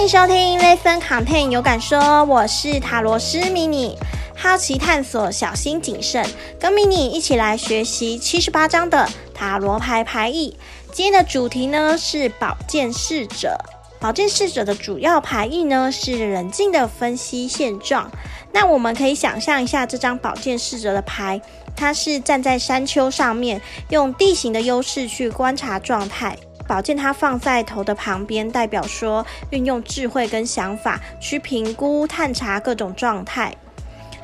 歡迎收聽《ListenContent》，有感說，我是塔羅師 mini，好奇探索，小心謹慎，跟 mini 一起來學習七十八張的塔羅牌牌意。今天的主題呢是寶劍侍者，寶劍侍者的主要牌意呢是冷靜的分析現狀。那我們可以想象一下這張寶劍侍者的牌，它是站在山丘上面，用地形的優勢去觀察狀態。寶劍它放在頭的旁邊，代表說運用智慧跟想法去評估、探查各種狀態。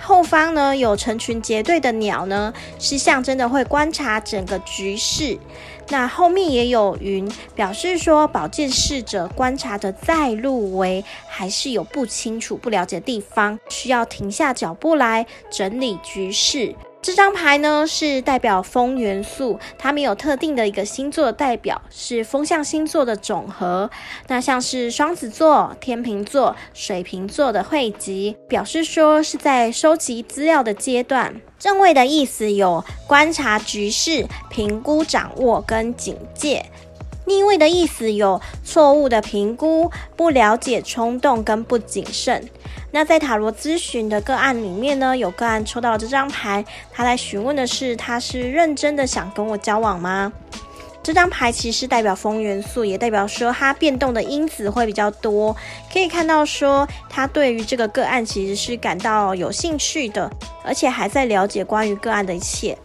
後方呢有成群結隊的鳥呢，是象徵的會觀察整個局勢。那後面也有雲，表示說寶劍侍者觀察着在入圍，還是有不清楚、不了解的地方，需要停下腳步來整理局勢。這張牌呢是代表風元素，它沒有特定的一個星座代表，是風象星座的總和。那像是雙子座、天秤座、水瓶座的匯集，表示說是在收集資料的階段。正位的意思有觀察局勢、評估掌握跟警戒；逆位的意思有錯誤的評估、不了解衝動跟不謹慎。那在塔羅諮詢的個案裡面呢，有個案抽到了這張牌，他來詢問的是，他是認真的想跟我交往嗎？這張牌其實代表風元素，也代表說他變動的因子會比較多。可以看到說，他對於這個個案其實是感到有興趣的，而且還在了解關於個案的一切，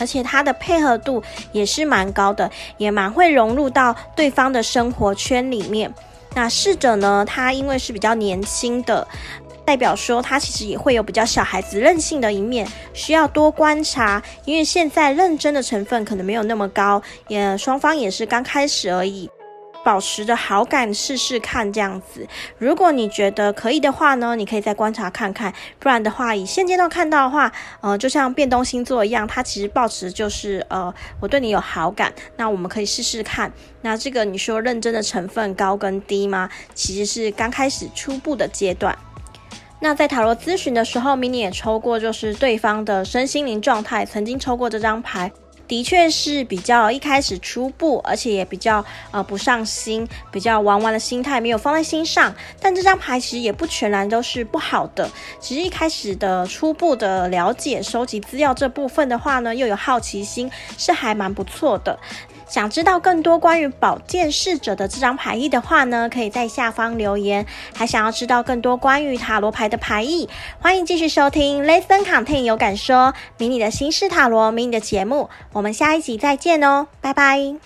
而且他的配合度也是蠻高的，也蠻會融入到對方的生活圈裡面。那侍者呢，他因為是比較年輕的。代表說，他其實也會有比較小孩子任性的一面，需要多觀察。因為現在認真的成分可能沒有那麼高，也雙方也是剛開始而已，保持着好感試試看這樣子。如果你覺得可以的話呢，你可以再觀察看看。不然的話，以現階段看到的話，呃，就像變動星座一樣，他其實抱持就是呃，我對你有好感，那我們可以試試看。那這個你說認真的成分高跟低嗎？其實是剛開始初步的階段。那在塔羅諮詢的時候，迷你也抽過，就是對方的身心靈狀態，曾經抽過這張牌，的確是比較一開始初步，而且也比較呃不上心，比較玩玩的心態，沒有放在心上。但這張牌其實也不全然都是不好的，其實一開始的初步的了解、收集資料這部分的話呢，又有好奇心，是還蠻不錯的。想知道更多關於寶劍侍者的這張牌意的話呢？可以在下方留言。還想要知道更多關於塔羅牌的牌意，歡迎繼續收聽 Listen Content，有感說，迷你的心事塔羅，迷你的節目。我們下一集再見哦，拜拜。